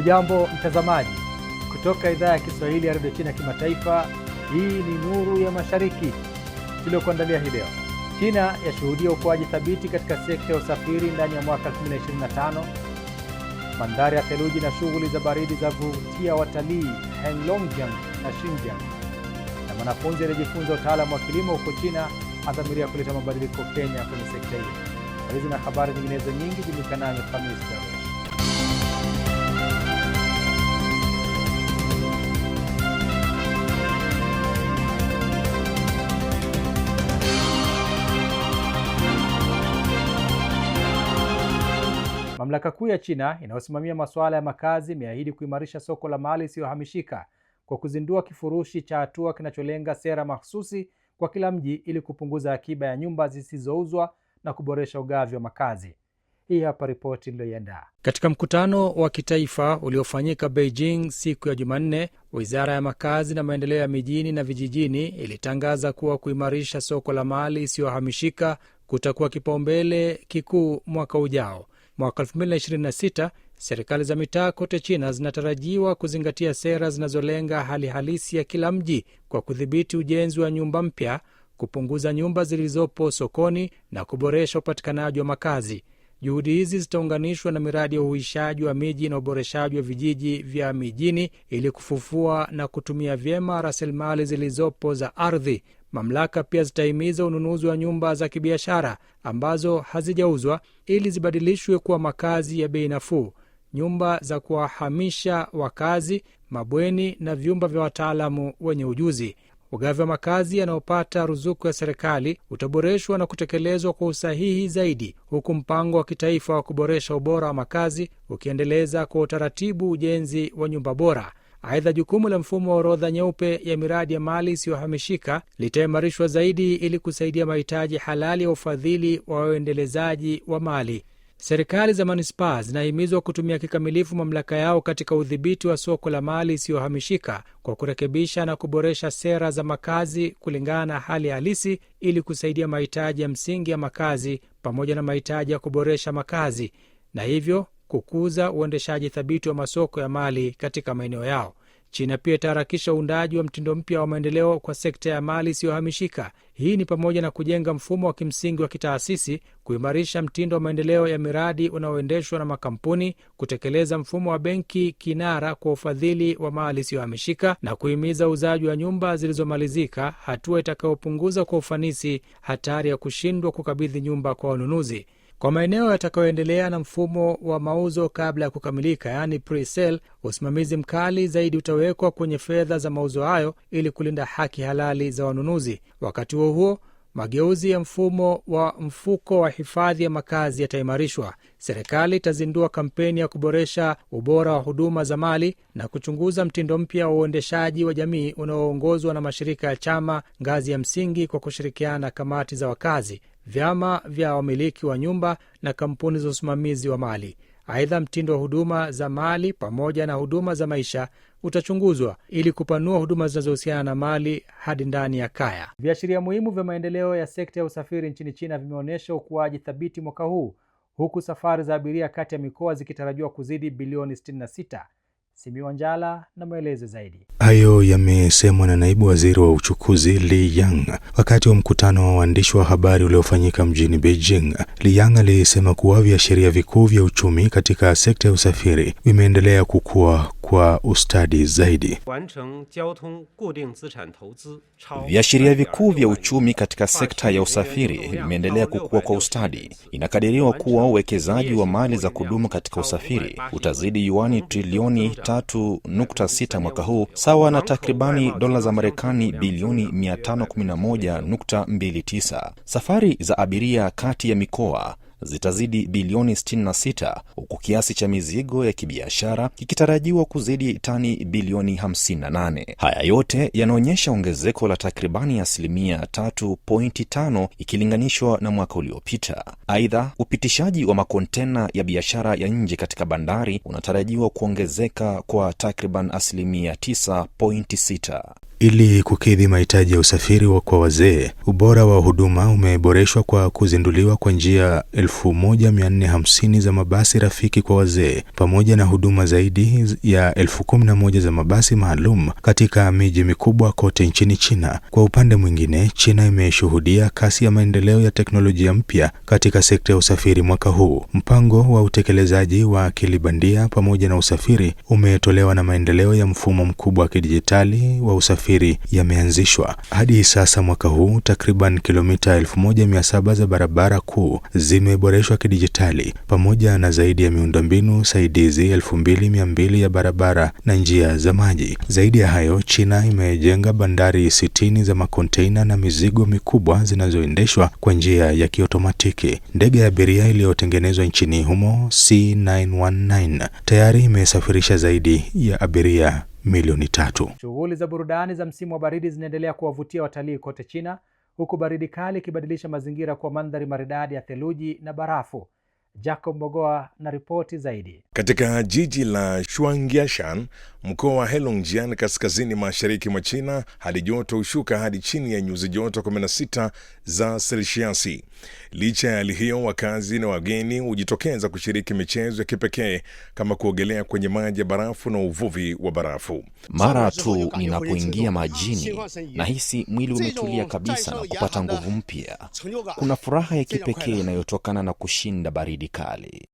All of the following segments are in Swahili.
ujambo mtazamaji kutoka idhaa ya Kiswahili ya redio China kimataifa. Hii ni Nuru ya Mashariki tuliokuandalia hii leo. China yashuhudia ukuaji thabiti katika sekta ya usafiri ndani ya mwaka 2025. Mandhari ya theluji na shughuli za baridi za kuvutia watalii Heilongjiang na Xinjiang. Na mwanafunzi aliyejifunza utaalamu wa kilimo huko China adhamiria kuleta mabadiliko Kenya kwenye sekta hiyo. Hizi na habari nyinginezo nyingi julikanayo Hamisi. Mamlaka kuu ya China inayosimamia masuala ya makazi imeahidi kuimarisha soko la mali isiyohamishika kwa kuzindua kifurushi cha hatua kinacholenga sera mahsusi kwa kila mji ili kupunguza akiba ya nyumba zisizouzwa na kuboresha ugavi wa makazi. Hii hapa ripoti iliyoiandaa. Katika mkutano wa kitaifa uliofanyika Beijing siku ya Jumanne, wizara ya makazi na maendeleo ya mijini na vijijini ilitangaza kuwa kuimarisha soko la mali isiyohamishika kutakuwa kipaumbele kikuu mwaka ujao mwaka 2026 serikali za mitaa kote China zinatarajiwa kuzingatia sera zinazolenga hali halisi ya kila mji kwa kudhibiti ujenzi wa nyumba mpya, kupunguza nyumba zilizopo sokoni na kuboresha upatikanaji wa makazi. Juhudi hizi zitaunganishwa na miradi ya uhuishaji wa miji na uboreshaji wa vijiji vya mijini ili kufufua na kutumia vyema rasilimali zilizopo za ardhi. Mamlaka pia zitahimiza ununuzi wa nyumba za kibiashara ambazo hazijauzwa ili zibadilishwe kuwa makazi ya bei nafuu, nyumba za kuwahamisha wakazi, mabweni na vyumba vya wataalamu wenye ujuzi. Ugavi wa makazi yanayopata ruzuku ya serikali utaboreshwa na kutekelezwa kwa usahihi zaidi, huku mpango wa kitaifa wa kuboresha ubora wa makazi ukiendeleza kwa utaratibu ujenzi wa nyumba bora Aidha, jukumu la mfumo wa orodha nyeupe ya miradi ya mali isiyohamishika litaimarishwa zaidi ili kusaidia mahitaji halali ya ufadhili wa waendelezaji wa mali. Serikali za manispaa zinahimizwa kutumia kikamilifu mamlaka yao katika udhibiti wa soko la mali isiyohamishika kwa kurekebisha na kuboresha sera za makazi kulingana na hali halisi ili kusaidia mahitaji ya msingi ya makazi pamoja na mahitaji ya kuboresha makazi na hivyo kukuza uendeshaji thabiti wa masoko ya mali katika maeneo yao. China pia itaharakisha uundaji wa mtindo mpya wa maendeleo kwa sekta ya mali isiyohamishika. Hii ni pamoja na kujenga mfumo wa kimsingi wa kitaasisi, kuimarisha mtindo wa maendeleo ya miradi unaoendeshwa na makampuni, kutekeleza mfumo wa benki kinara kwa ufadhili wa mali isiyohamishika na kuhimiza uuzaji wa nyumba zilizomalizika, hatua itakayopunguza kwa ufanisi hatari ya kushindwa kukabidhi nyumba kwa wanunuzi. Kwa maeneo yatakayoendelea na mfumo wa mauzo kabla ya kukamilika, yaani presel usimamizi mkali zaidi utawekwa kwenye fedha za mauzo hayo ili kulinda haki halali za wanunuzi. Wakati huo huo, mageuzi ya mfumo wa mfuko wa hifadhi ya makazi yataimarishwa. Serikali itazindua kampeni ya kuboresha ubora wa huduma za mali na kuchunguza mtindo mpya wa uendeshaji wa jamii unaoongozwa na mashirika ya chama ngazi ya msingi kwa kushirikiana na kamati za wakazi vyama vya wamiliki wa nyumba na kampuni za usimamizi wa mali. Aidha, mtindo wa huduma za mali pamoja na huduma za maisha utachunguzwa ili kupanua huduma zinazohusiana na mali hadi ndani ya kaya. Viashiria muhimu vya maendeleo ya sekta ya usafiri nchini China vimeonyesha ukuaji thabiti mwaka huu, huku safari za abiria kati ya mikoa zikitarajiwa kuzidi bilioni 66 Simiwa Njala na maelezo zaidi. Hayo yamesemwa na naibu waziri wa uchukuzi Li Yang wakati wa mkutano wa waandishi wa habari uliofanyika mjini Beijing. Li Yang alisema kuwa viashiria vikuu vya uchumi katika sekta ya usafiri vimeendelea kukua kwa ustadi zaidi. Viashiria vikuu vya uchumi katika sekta ya usafiri vimeendelea kukua kwa ustadi. Inakadiriwa kuwa uwekezaji wa mali za kudumu katika usafiri utazidi yuani trilioni 3.6 mwaka huu, sawa na takribani dola za Marekani bilioni 511.29. Safari za abiria kati ya mikoa zitazidi bilioni 66 huku kiasi cha mizigo ya kibiashara kikitarajiwa kuzidi tani bilioni 58. Haya yote yanaonyesha ongezeko la takribani asilimia 3.5 ikilinganishwa na mwaka uliopita. Aidha, upitishaji wa makontena ya biashara ya nje katika bandari unatarajiwa kuongezeka kwa takriban asilimia 9.6. Ili kukidhi mahitaji ya usafiri wa kwa wazee, ubora wa huduma umeboreshwa kwa kuzinduliwa kwa njia 1450 za mabasi rafiki kwa wazee pamoja na huduma zaidi ya 11 za mabasi maalum katika miji mikubwa kote nchini China. Kwa upande mwingine, China imeshuhudia kasi ya maendeleo ya teknolojia mpya katika sekta ya usafiri mwaka huu. Mpango wa utekelezaji wa akili bandia pamoja na usafiri umetolewa na maendeleo ya mfumo mkubwa wa kidijitali wa usafiri usafiri yameanzishwa. Hadi sasa mwaka huu, takriban kilomita 1700 za barabara kuu zimeboreshwa kidijitali pamoja na zaidi ya miundombinu saidizi 2200 ya barabara na njia za maji. Zaidi ya hayo, China imejenga bandari 60 za makonteina na mizigo mikubwa zinazoendeshwa kwa njia ya kiotomatiki. Ndege ya abiria iliyotengenezwa nchini humo C919 tayari imesafirisha zaidi ya abiria milioni tatu. Shughuli za burudani za msimu wa baridi zinaendelea kuwavutia watalii kote China, huku baridi kali ikibadilisha mazingira kwa mandhari maridadi ya theluji na barafu. Jacob Mogoa na ripoti zaidi. Katika jiji la Shuangiashan, mkoa wa Heilongjiang, kaskazini mashariki mwa China, hali joto hushuka hadi chini ya nyuzi joto 16 za selsiasi. Licha ya hali hiyo, wakazi na wageni hujitokeza kushiriki michezo ya kipekee kama kuogelea kwenye maji ya barafu na uvuvi wa barafu. Mara tu ninapoingia majini, nahisi mwili umetulia kabisa na kupata nguvu mpya. Kuna furaha ya kipekee inayotokana na kushinda baridi kali.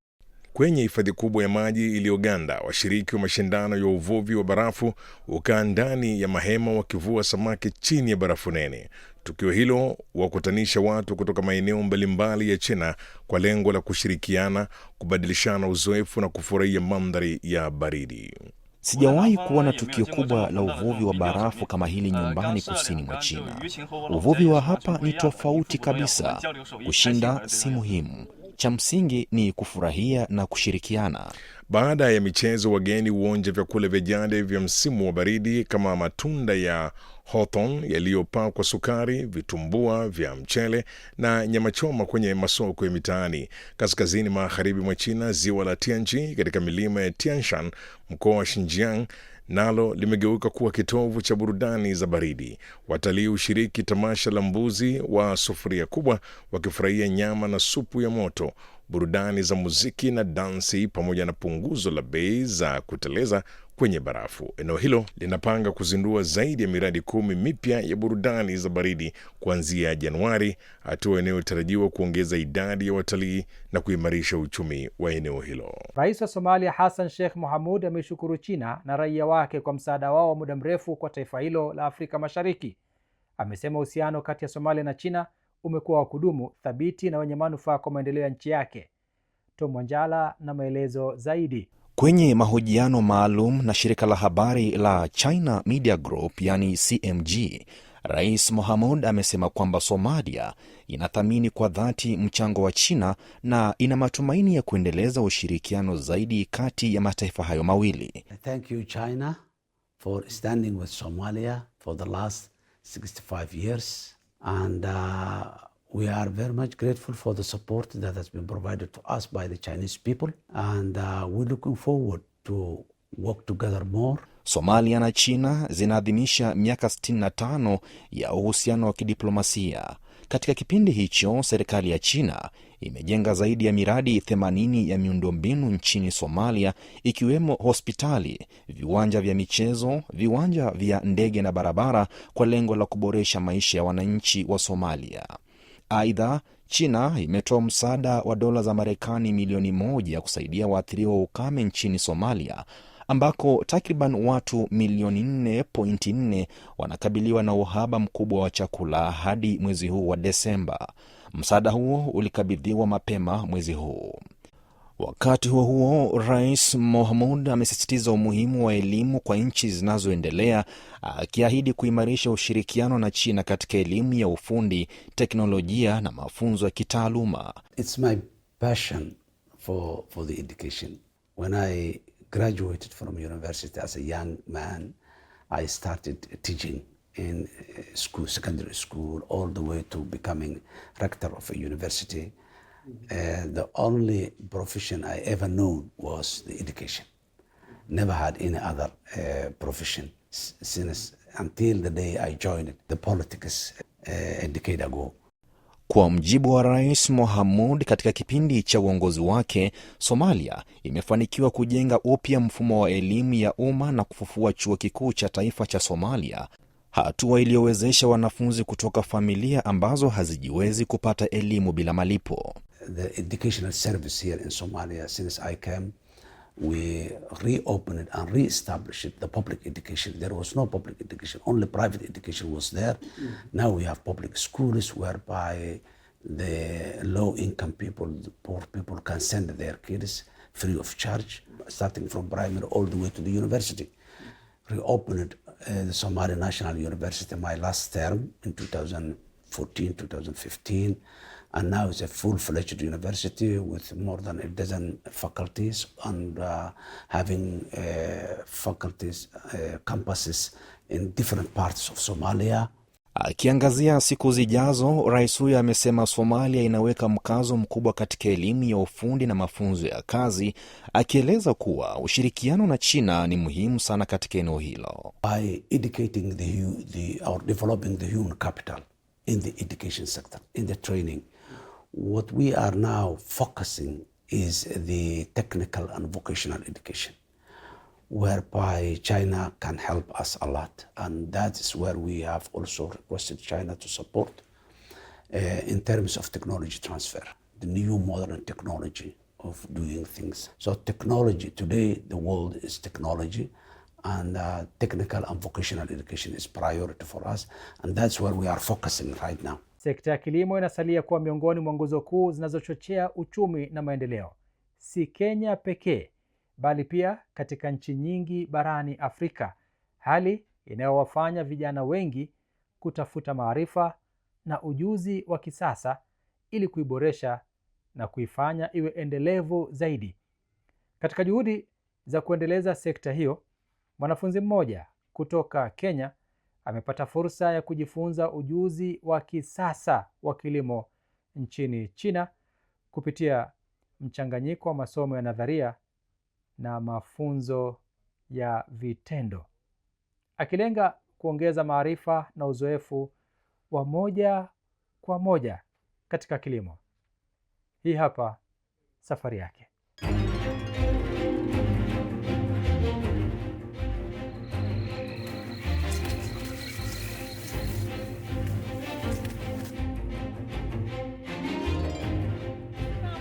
Kwenye hifadhi kubwa ya maji iliyoganda, washiriki wa mashindano ya uvuvi wa barafu hukaa ndani ya mahema wakivua samaki chini ya barafu nene. Tukio hilo wakutanisha watu kutoka maeneo mbalimbali ya China kwa lengo la kushirikiana, kubadilishana uzoefu na kufurahia mandhari ya baridi. Sijawahi kuona tukio kubwa la uvuvi wa barafu kama hili nyumbani kusini mwa China. Uvuvi wa hapa ni tofauti kabisa. Kushinda si muhimu, cha msingi ni kufurahia na kushirikiana. Baada ya michezo, wageni huonja vyakula vya jadi vya msimu wa baridi kama matunda ya hothong yaliyopaa kwa sukari, vitumbua vya mchele na nyama choma kwenye masoko ya mitaani. Kaskazini magharibi mwa China, ziwa la tianji katika milima ya Tianshan, mkoa wa shinjiang nalo limegeuka kuwa kitovu cha burudani za baridi. Watalii hushiriki tamasha la mbuzi wa sufuria kubwa, wakifurahia nyama na supu ya moto, burudani za muziki na dansi pamoja na punguzo la bei za kuteleza kwenye barafu. Eneo hilo linapanga kuzindua zaidi ya miradi kumi mipya ya burudani za baridi kuanzia Januari, hatua inayotarajiwa kuongeza idadi ya watalii na kuimarisha uchumi wa eneo hilo. Rais wa Somalia Hassan Sheikh muhamud ameshukuru China na raia wake kwa msaada wao wa muda mrefu kwa taifa hilo la Afrika Mashariki. Amesema uhusiano kati ya Somalia na China umekuwa wa kudumu, thabiti na wenye manufaa kwa maendeleo ya nchi yake. Tom Wanjala na maelezo zaidi. Kwenye mahojiano maalum na shirika la habari la China Media Group yani CMG, Rais Mohamud amesema kwamba Somalia inathamini kwa dhati mchango wa China na ina matumaini ya kuendeleza ushirikiano zaidi kati ya mataifa hayo mawili. Thank you China for standing with Somalia for the last 65 years. And uh, we are very much grateful for the support that has been provided to us by the Chinese people. And uh, we're looking forward to work together more. Somalia na China zinaadhimisha miaka 65 ya uhusiano wa kidiplomasia. Katika kipindi hicho, serikali ya China imejenga zaidi ya miradi 80 ya miundombinu nchini Somalia, ikiwemo hospitali, viwanja vya michezo, viwanja vya ndege na barabara, kwa lengo la kuboresha maisha ya wananchi wa Somalia. Aidha, China imetoa msaada wa dola za Marekani milioni moja kusaidia waathiriwa wa ukame nchini Somalia, ambako takriban watu milioni 4.4 wanakabiliwa na uhaba mkubwa wa chakula hadi mwezi huu wa Desemba. Msaada huo ulikabidhiwa mapema mwezi huu. Wakati huo huo, Rais Mohamud amesisitiza umuhimu wa elimu kwa nchi zinazoendelea, akiahidi kuimarisha ushirikiano na China katika elimu ya ufundi, teknolojia na mafunzo ya kitaaluma. It's my passion for, for the education. When I graduated from university as a young man, I started teaching in uh, school, secondary school, all the way to becoming rector of a university. Uh, the only profession I ever knew was the education. Never had any other uh, profession since until the day I joined the politics uh, a decade ago. Kwa mjibu wa Rais Mohamud, katika kipindi cha uongozi wake, Somalia imefanikiwa kujenga upya mfumo wa elimu ya umma na kufufua chuo kikuu cha taifa cha Somalia, hatua iliyowezesha wanafunzi kutoka familia ambazo hazijiwezi kupata elimu bila malipo. The educational service here in Somalia since I came we reopened it and re-established it, the public education. There was no public education, only private education was there. Mm-hmm. Now we have public schools whereby the low income people, the poor people can send their kids free of charge, starting from primary all the way to the university. Reopened uh, the Somali National University my last term in 2014, 2015. and now it's a full-fledged university with more than a dozen faculties and uh, having uh, faculties uh, campuses in different parts of Somalia. Akiangazia siku zijazo, rais huyo amesema Somalia inaweka mkazo mkubwa katika elimu ya ufundi na mafunzo ya kazi, akieleza kuwa ushirikiano na China ni muhimu sana katika eneo hilo. By educating the, the, or developing the human capital in the education sector, in the training what we are now focusing is the technical and vocational education, whereby China can help us a lot. And that is where we have also requested China to support uh, in terms of technology transfer, the new modern technology of doing things. So, technology today, the world is technology. And uh, technical and vocational education is priority for us, and that's where we are focusing right now. Sekta ya kilimo inasalia kuwa miongoni mwa nguzo kuu zinazochochea uchumi na maendeleo, si Kenya pekee, bali pia katika nchi nyingi barani Afrika, hali inayowafanya vijana wengi kutafuta maarifa na ujuzi wa kisasa ili kuiboresha na kuifanya iwe endelevu zaidi. Katika juhudi za kuendeleza sekta hiyo, mwanafunzi mmoja kutoka Kenya amepata fursa ya kujifunza ujuzi wa kisasa wa kilimo nchini China kupitia mchanganyiko wa masomo ya nadharia na mafunzo ya vitendo, akilenga kuongeza maarifa na uzoefu wa moja kwa moja katika kilimo. Hii hapa safari yake.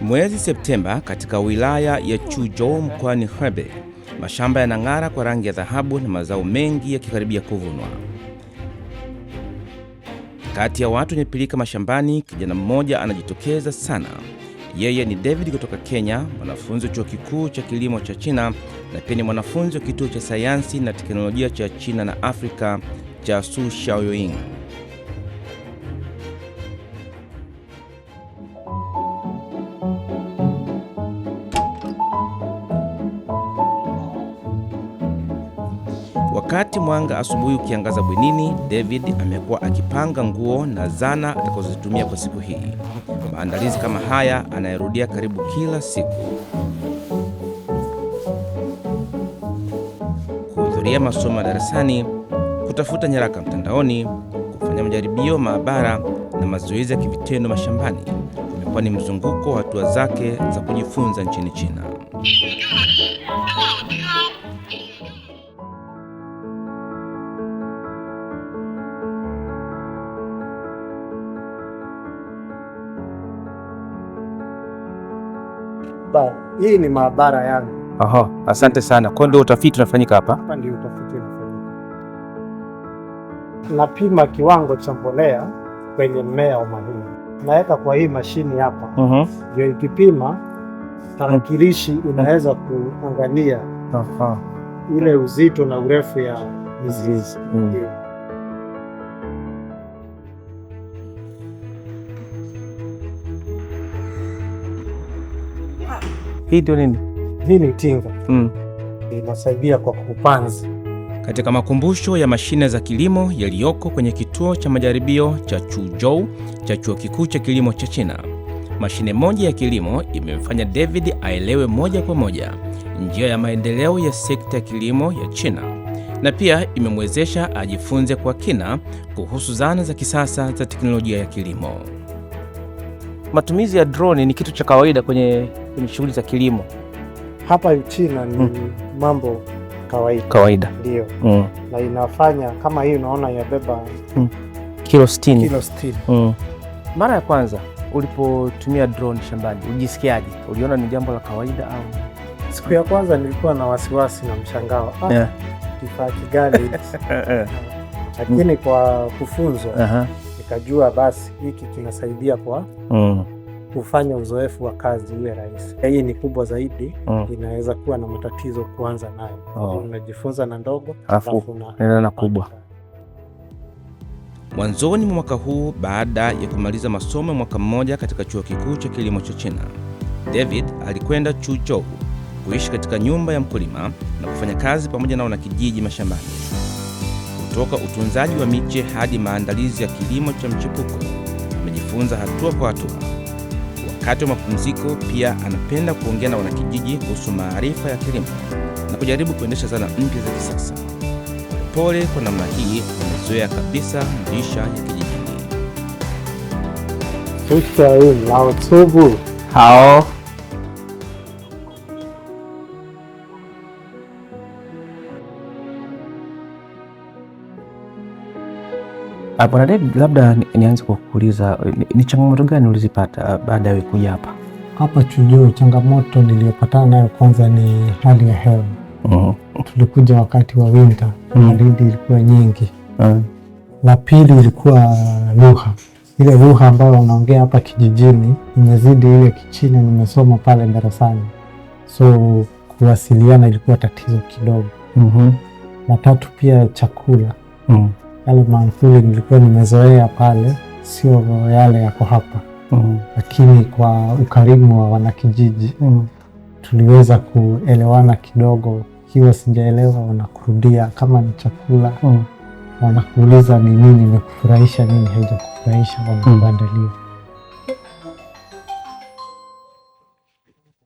Mwezi Septemba katika wilaya ya chujo mkoani Hebei, mashamba yanang'ara kwa rangi ya dhahabu na mazao mengi yakikaribia kuvunwa. Kati ya watu wenye pilika mashambani, kijana mmoja anajitokeza sana. Yeye ni David kutoka Kenya, mwanafunzi wa chuo kikuu cha kilimo cha China na pia ni mwanafunzi wa kituo cha sayansi na teknolojia cha China na Afrika cha Su Shaoying. mwanga asubuhi ukiangaza bwenini, David amekuwa akipanga nguo na zana atakazozitumia kwa siku hii. Maandalizi kama haya anayerudia karibu kila siku. Kuhudhuria masomo ya darasani, kutafuta nyaraka mtandaoni, kufanya majaribio maabara na mazoezi ya kivitendo mashambani kumekuwa ni mzunguko wa hatua zake za kujifunza nchini China. maabara. Hii ni maabara yangu. Aha, asante sana. Kwa ndio utafiti unafanyika hapa? Hapa ndio utafiti unafanyika. Napima kiwango cha mbolea kwenye mmea wa mahindi, naweka kwa hii mashini hapa Mhm. uh -huh. Ikipima tarakilishi inaweza kuangalia uh -huh. ile uzito na urefu ya mizizi. uh -huh. Mm. Hii nini? Hii ni tinga mm. Inasaidia kwa kupanzi katika makumbusho ya mashine za kilimo yaliyoko kwenye kituo cha majaribio cha Chuzhou cha chuo kikuu cha kilimo cha China. Mashine moja ya kilimo imemfanya David aelewe moja kwa moja njia ya maendeleo ya sekta ya kilimo ya China na pia imemwezesha ajifunze kwa kina kuhusu zana za kisasa za teknolojia ya kilimo matumizi ya drone ni kitu cha kawaida kwenye, kwenye shughuli za kilimo hapa Uchina ni mm. mambo kawaida kawaida, ndio mm. na inafanya kama hii, unaona inabeba mm. kilo 60 kilo 60 mm. Mara ya kwanza ulipotumia drone shambani ujisikiaje? Uliona ni jambo la kawaida au? Siku ya kwanza nilikuwa na wasiwasi na mshangao, ah, yeah. kifaa kigani eh, eh. lakini kwa kufunzwa uh -huh nikajua basi hiki kinasaidia kwa mm. kufanya uzoefu wa kazi uwe rahisi. Hii ni kubwa zaidi mm. inaweza kuwa na matatizo kuanza nayo oh. unajifunza na ndogo alafu na kubwa. Mwanzoni mwa mwaka huu, baada ya kumaliza masomo mwaka mmoja katika chuo kikuu cha kilimo cha China, David alikwenda Chuzhou kuishi katika nyumba ya mkulima na kufanya kazi pamoja na wanakijiji mashambani. Kutoka utunzaji wa miche hadi maandalizi ya kilimo cha mchipuko, amejifunza hatua kwa hatua. Wakati wa mapumziko pia anapenda kuongea na wanakijiji kuhusu maarifa ya kilimo na kujaribu kuendesha zana mpya za kisasa. pole kwa namna hii amezoea kabisa maisha ya kijijini. Hao Hapo David, labda nianze kwa kuuliza ni, ni changamoto gani ulizipata uh, baada ya kuja hapa hapa Chujuu? Changamoto niliyopatana nayo kwanza ni hali ya hewa. uh-huh. Tulikuja wakati wa winter, mm. baridi uh-huh. ilikuwa nyingi. uh-huh. La pili ilikuwa lugha, ile lugha ambayo unaongea hapa kijijini imezidi ile Kichina nimesoma pale darasani, so kuwasiliana ilikuwa tatizo kidogo. uh-huh. La tatu pia chakula. uh-huh yale maamkuli nilikuwa nimezoea pale sio yale yako hapa mm. Lakini kwa ukarimu wa wanakijiji mm. tuliweza kuelewana kidogo, kiwa sijaelewa wanakurudia kama ni chakula mm. wanakuuliza ni nini imekufurahisha, nini haijakufurahisha, wanakuandalia mm.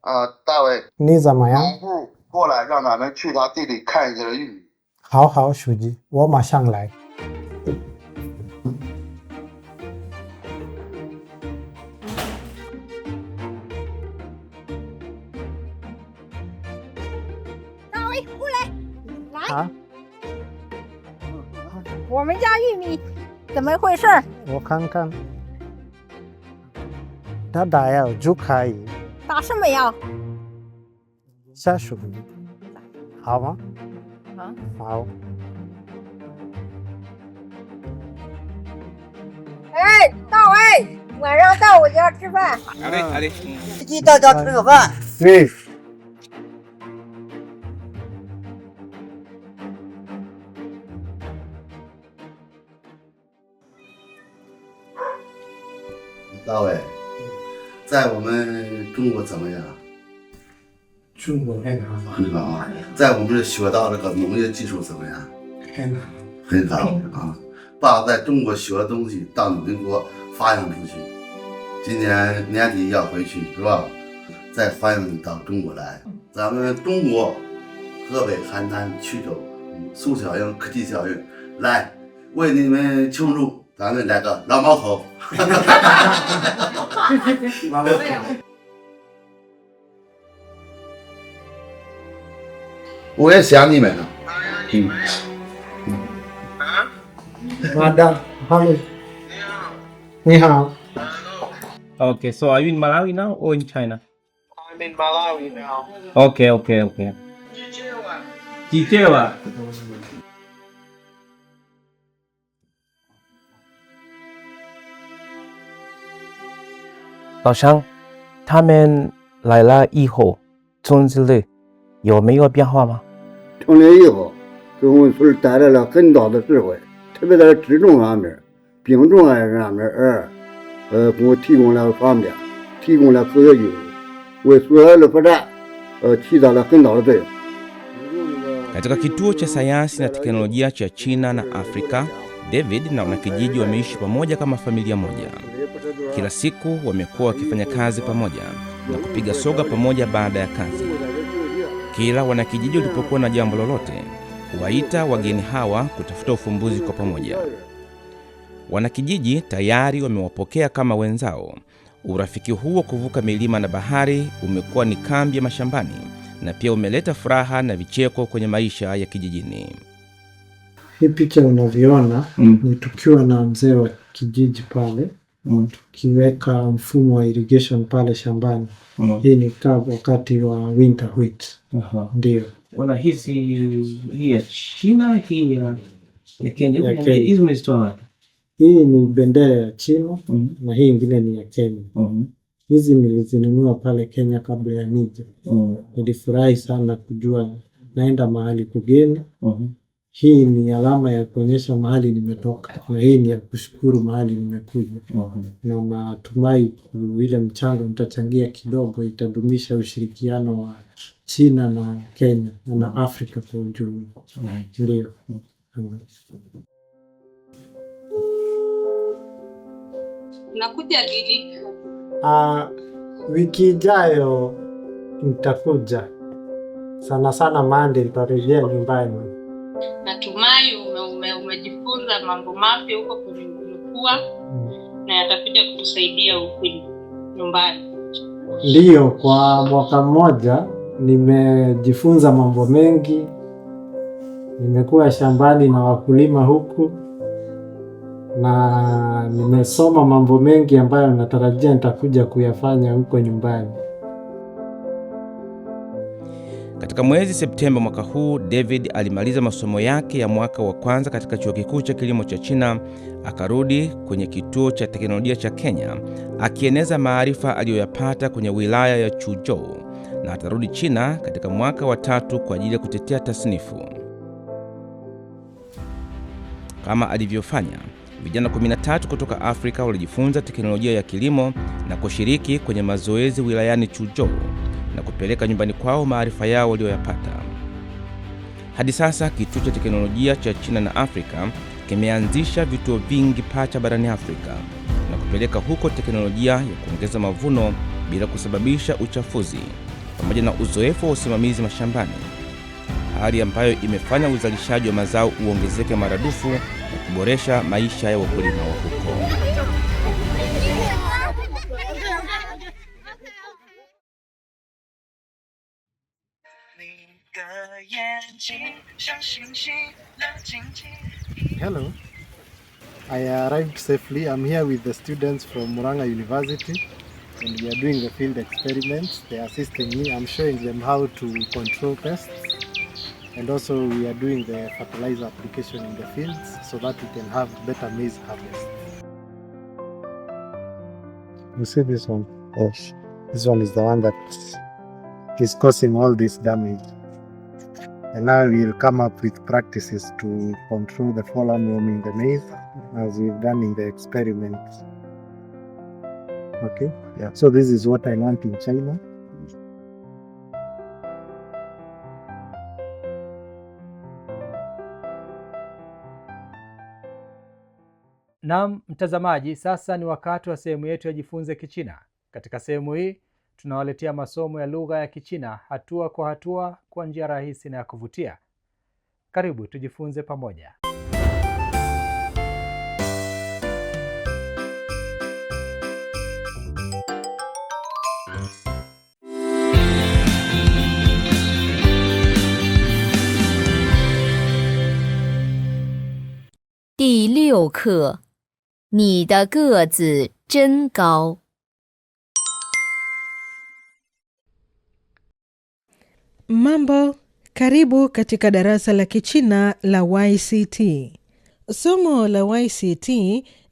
uh, ah, ni hao hao shuji 哪位过来？来。我们家玉米怎么回事？我看看。打打药就可以。打什么药？杀虫。好啊。好。哎，大伟，晚上到我家吃饭。好嘞，好嘞。司机到家吃个饭。对。大伟，在我们中国怎么样？中国很好啊！在我们这学到这个农业技术怎么样？很好，很好啊。把在中国学的东西到你们国发扬出去。今年年底要回去是吧？再欢迎你到中国来。咱们中国河北邯郸曲周苏小英科技教育。来为你们庆祝，咱们来个老毛头。老毛头。我也想你们。了。嗯。马达，哈尼，尼哈。Okay, so are you in Malawi now or in China? I'm in Malawi now. Okay, okay, okay. Tjewa. Tjewa. 老乡，他们来了以后，村子里有没有变化吗？来了以后，给我们村带来了很大的实惠。特别在治重方面、病重啊上面，哎，呃，给我提供了方便，提供了科学技术，为所有的发展，呃，起到了很大的作用。Katika kituo cha sayansi na teknolojia cha China na Afrika, David na wanakijiji wameishi pamoja kama familia moja. Kila siku wamekuwa wakifanya kazi pamoja na kupiga soga pamoja baada ya kazi. Kila wanakijiji walipokuwa na jambo lolote kuwaita wageni hawa kutafuta ufumbuzi kwa pamoja. Wanakijiji tayari wamewapokea kama wenzao. Urafiki huu wa kuvuka milima na bahari umekuwa ni kambi ya mashambani na pia umeleta furaha na vicheko kwenye maisha ya kijijini. Hii picha unavyoona mm. ni tukiwa na mzee wa kijiji pale mm. tukiweka mfumo wa irrigation pale shambani mm. hii ni wakati wa winter wheat. Aha wanahisi hii ya China hii ya Kenya, hizi umezitoa wapi? Hii ni bendera ya China mm -hmm. na hii ingine ni ya Kenya mm -hmm. hizi nilizinunua pale Kenya kabla ya nije mm -hmm. nilifurahi sana kujua naenda mahali kugeni mm -hmm. hii ni alama ya kuonyesha mahali nimetoka, na hii ni ya kushukuru mahali nimekuja mm. na natumai ile mchango mtachangia kidogo itadumisha ushirikiano wa China na Kenya na Afrika kwa ujumla. Ndio. Nakuja lini? Ah, wiki ijayo nitakuja. Sana sana mande nitarejea nyumbani. Natumai umejifunza ume, ume mambo mapya huko kulikuwa mm, na yatakuja kutusaidia huku nyumbani. Ndiyo, kwa mwaka mmoja nimejifunza mambo mengi, nimekuwa shambani na wakulima huku na nimesoma mambo mengi ambayo natarajia nitakuja kuyafanya huko nyumbani. Katika mwezi Septemba mwaka huu, David alimaliza masomo yake ya mwaka wa kwanza katika chuo kikuu cha kilimo cha China, akarudi kwenye kituo cha teknolojia cha Kenya akieneza maarifa aliyoyapata kwenye wilaya ya Chuzhou na atarudi China katika mwaka wa tatu kwa ajili ya kutetea tasnifu kama alivyofanya. Vijana 13 kutoka Afrika walijifunza teknolojia ya kilimo na kushiriki kwenye mazoezi wilayani Chuzhou na kupeleka nyumbani kwao maarifa yao waliyoyapata. Hadi sasa kituo cha teknolojia cha China na Afrika kimeanzisha vituo vingi pacha barani Afrika na kupeleka huko teknolojia ya kuongeza mavuno bila kusababisha uchafuzi pamoja na uzoefu wa usimamizi mashambani, hali ambayo imefanya uzalishaji wa mazao uongezeke maradufu na kuboresha maisha ya wakulima wa huko. Hello. I arrived safely. I'm here with the students from Muranga University. and we are doing the field experiments. They are assisting me. I'm showing them how to control pests. And also we are doing the fertilizer application in the fields so that we can have better maize harvest. You see this one? Yes. This one is the one that is causing all this damage. And now we'll come up with practices to control the fall worm in the maize as we've done in the experiments. Okay. Yeah. So this is what I learned in China. Naam, mtazamaji, sasa ni wakati wa sehemu yetu ya jifunze Kichina. Katika sehemu hii tunawaletea masomo ya lugha ya Kichina hatua kwa hatua kwa njia rahisi na ya kuvutia. Karibu tujifunze pamoja. 六课，你的个子真高。Mambo, karibu katika darasa la Kichina la YCT. Somo la YCT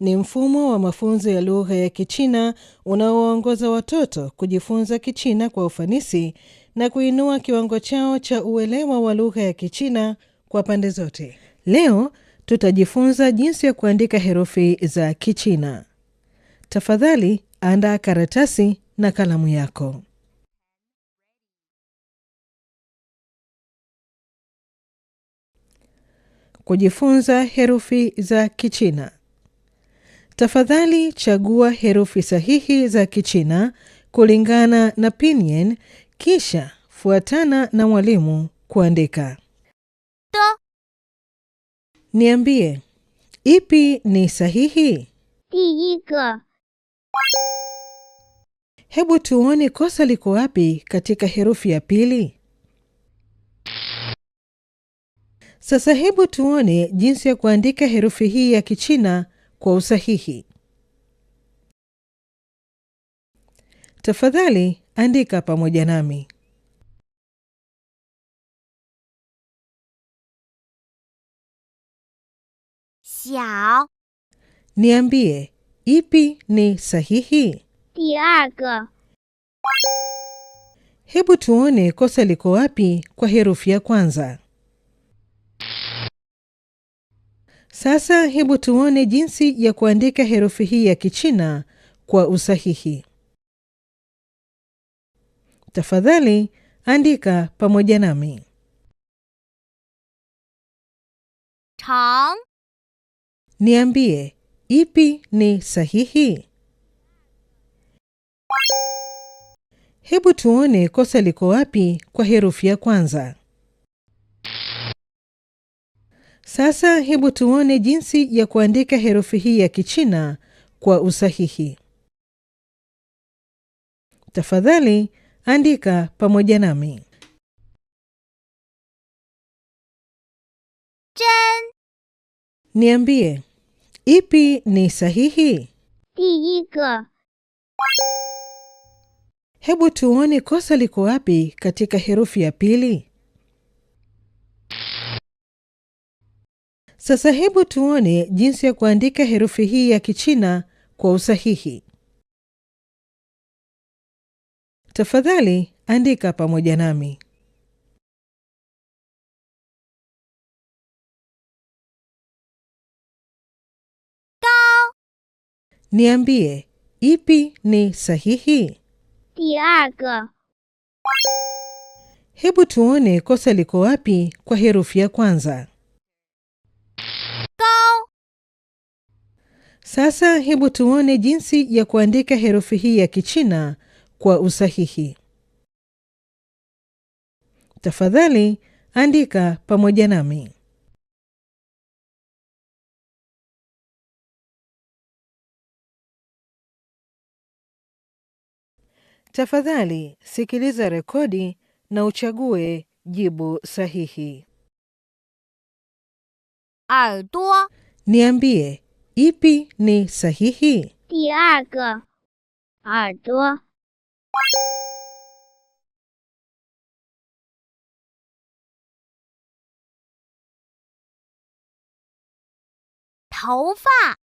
ni mfumo wa mafunzo ya lugha ya Kichina unaowaongoza watoto kujifunza Kichina kwa ufanisi na kuinua kiwango chao cha uelewa wa lugha ya Kichina kwa pande zote. Leo tutajifunza jinsi ya kuandika herufi za Kichina. Tafadhali andaa karatasi na kalamu yako. Kujifunza herufi za Kichina. Tafadhali chagua herufi sahihi za Kichina kulingana na Pinyin, kisha fuatana na mwalimu kuandika. Niambie, ipi ni sahihi? Tiiko. Hebu tuone kosa liko wapi katika herufi ya pili. Sasa hebu tuone jinsi ya kuandika herufi hii ya Kichina kwa usahihi. Tafadhali andika pamoja nami. 脚。Niambie, ipi ni sahihi? 第二个，Hebu tuone kosa liko wapi kwa herufi ya kwanza. Sasa hebu tuone jinsi ya kuandika herufi hii ya Kichina kwa usahihi. Tafadhali andika pamoja nami. 长 Niambie, ipi ni sahihi? Hebu tuone kosa liko wapi kwa herufi ya kwanza. Sasa hebu tuone jinsi ya kuandika herufi hii ya Kichina kwa usahihi. Tafadhali andika pamoja nami. Niambie, ipi ni sahihi? Tiigo. Hebu tuone kosa liko wapi katika herufi ya pili. Sasa hebu tuone jinsi ya kuandika herufi hii ya Kichina kwa usahihi. Tafadhali andika pamoja nami. Niambie, ipi ni sahihi? Tiaga. Hebu tuone kosa liko wapi kwa herufi ya kwanza. Go. Sasa hebu tuone jinsi ya kuandika herufi hii ya Kichina kwa usahihi. Tafadhali andika pamoja nami. Tafadhali sikiliza rekodi na uchague jibu sahihi. Ardo. Niambie, ipi ni sahihi? Diaga. Ardo. Tofa.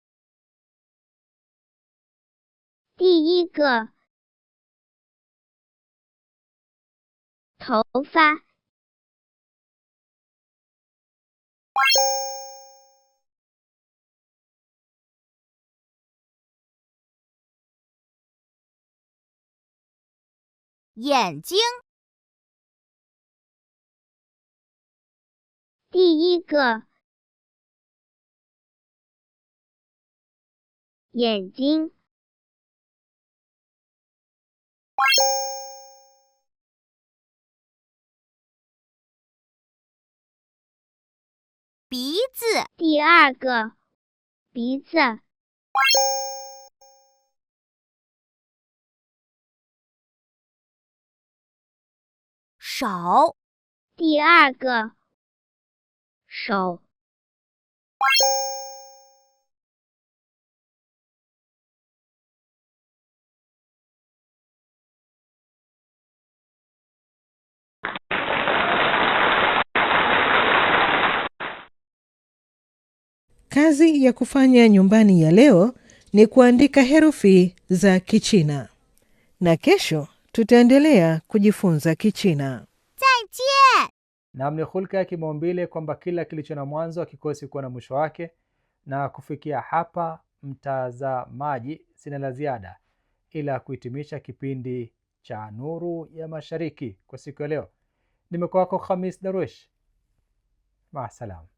第一个头发，眼睛，第一个眼睛。鼻子，第二个鼻子。手，第二个手。Kazi ya kufanya nyumbani ya leo ni kuandika herufi za Kichina, na kesho tutaendelea kujifunza Kichina. Naam, ni hulka ya kimaumbile kwamba kila kilicho na mwanzo hakikosi kuwa na mwisho wake. Na kufikia hapa, mtazamaji, sina la ziada ila kuhitimisha kipindi cha Nuru ya Mashariki kwa siku ya leo. Nimekuwa wako Khamis Darwish, maasalam.